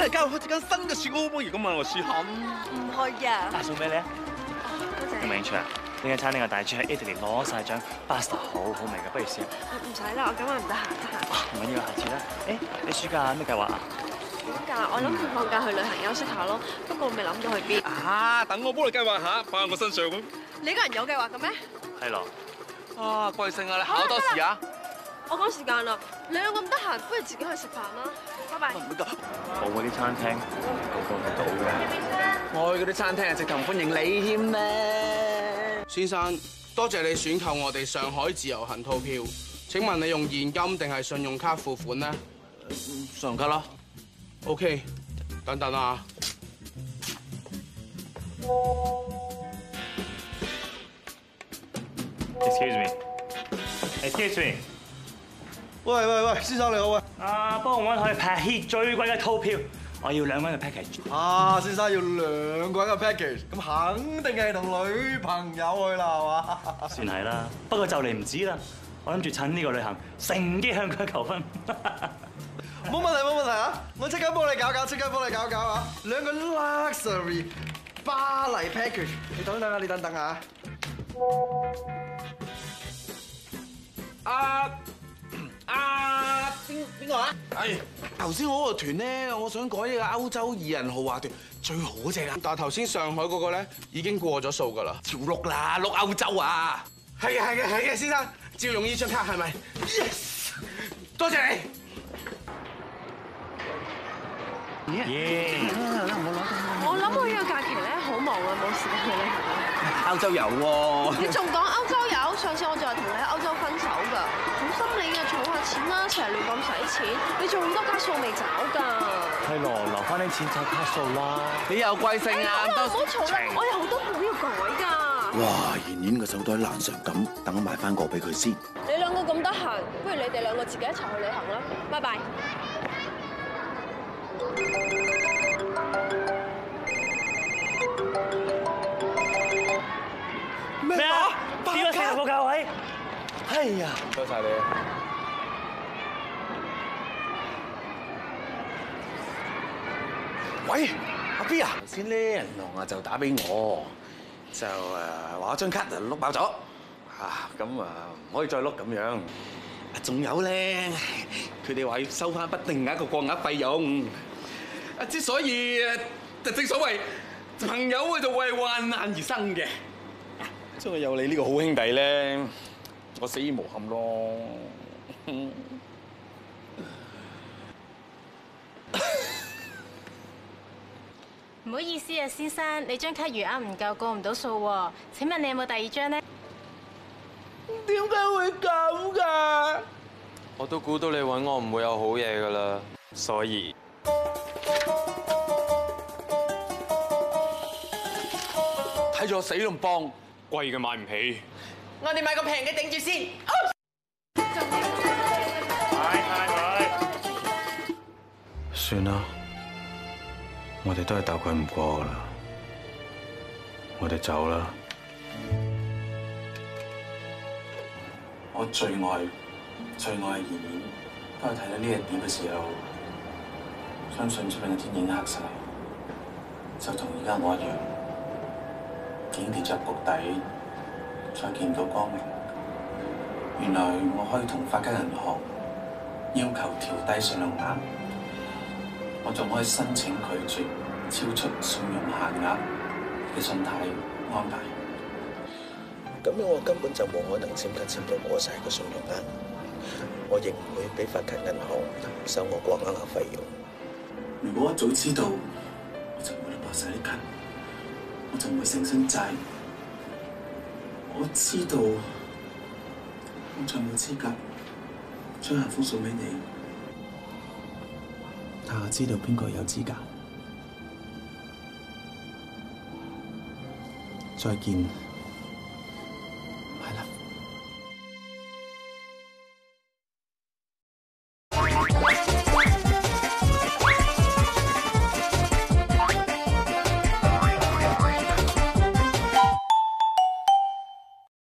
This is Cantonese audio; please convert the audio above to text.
而家要開一間新嘅雪糕不如咁啊，我瀚唔唔開啊！送畀你？多謝。有冇興趣啊，呢間餐廳嘅大廚喺 Italy 攞晒獎，pasta 好好味嘅，不如試下。唔使啦，我今晚唔得閒。唔緊要，下次啦。誒，你暑假咩計劃啊？暑假我諗住放假去旅行休息下咯，不過未諗到去邊。啊，等我幫你計劃下，擺喺我身上咁。你個人有計劃嘅咩？係咯。啊，貴姓啊？你考多謝啊。我趕時間啦，你兩咁得閒，不如自己去食飯啦。拜拜。唔會好，我嗰啲餐廳，我幫唔到嘅。我去嗰啲餐廳，直頭唔歡迎你添咩？先生，多謝你選購我哋上海自由行套票。請問你用現金定係信用卡付款呢？信用卡咯。OK。等等啊。Excuse me。Excuse me。喂喂喂，先生你好啊！啊，幫我揾可以劈 heat 最貴嘅套票，我要兩個人嘅 package。啊，先生要兩個人嘅 package，咁肯定係同女朋友去啦，係嘛？算係啦，不過就嚟唔止啦，我諗住趁呢個旅行乘機向佢求婚。冇問題冇問題啊！我即刻幫你搞搞，即刻幫你搞搞啊！兩個 luxury 巴黎 package，你等等啊，你等等啊。啊！哎，頭先我嗰個團咧，我想改呢個歐洲二人豪華團最好正只啊。但係頭先上海嗰個咧已經過咗數㗎啦，條碌啦，碌歐洲啊！係啊，係嘅，係嘅，先生，照用呢張卡係咪？Yes，多謝你。Yeah. Yeah. 我諗我呢個假期咧好忙啊，冇時間去咧。歐洲遊喎。啊，你仲講歐洲？ 你做好多卡數未找噶，係咯，留翻啲錢找卡數啦。你又貴姓啊？唔好嘈啦，我有好多嘢要改噶。哇，妍妍嘅手袋爛成咁，等我買翻個俾佢先你。你兩個咁得閒，不如你哋兩個自己一齊去旅行啦。拜拜。咩啊？點解成個價位？哎呀，唔該晒你。喂，阿 B 啊，頭先咧，銀行啊就打俾我，就誒話我張卡就碌爆咗，嚇咁啊唔可以再碌咁樣。仲有咧，佢哋話要收翻不定額個過額費用。啊，之所以誒就正所謂朋友啊就為患難而生嘅。真係有你呢個好兄弟咧，我死而無憾咯。唔好意思啊，先生，你張卡餘額唔夠，過唔到數喎。請問你有冇第二張呢？點解會咁㗎？我都估到你揾我唔會有好嘢㗎啦，所以睇住我死都唔幫，貴嘅買唔起。我哋買個平嘅頂住先。買買買！算啦。我哋都是鬥佢唔過啦，我哋走啦。我最愛、最愛嘅年年，都係睇到呢一點嘅時候，相信出面嘅天已經黑晒，就同而家我一樣，緊貼着谷底，再見唔到光明。原來我可以同花旗銀行要求調低信用卡。我仲可以申請拒絕超出信用限額嘅信貸安排。咁樣我根本就冇可能簽得簽到攞曬個信用額，我亦唔會俾發卡銀行收我過額嘅費用。如果我早知道，我就冇得博曬啲卡，我就唔會成身債。我知道，我再冇資格將幸福送俾你。睇下知道邊個有資格。再見。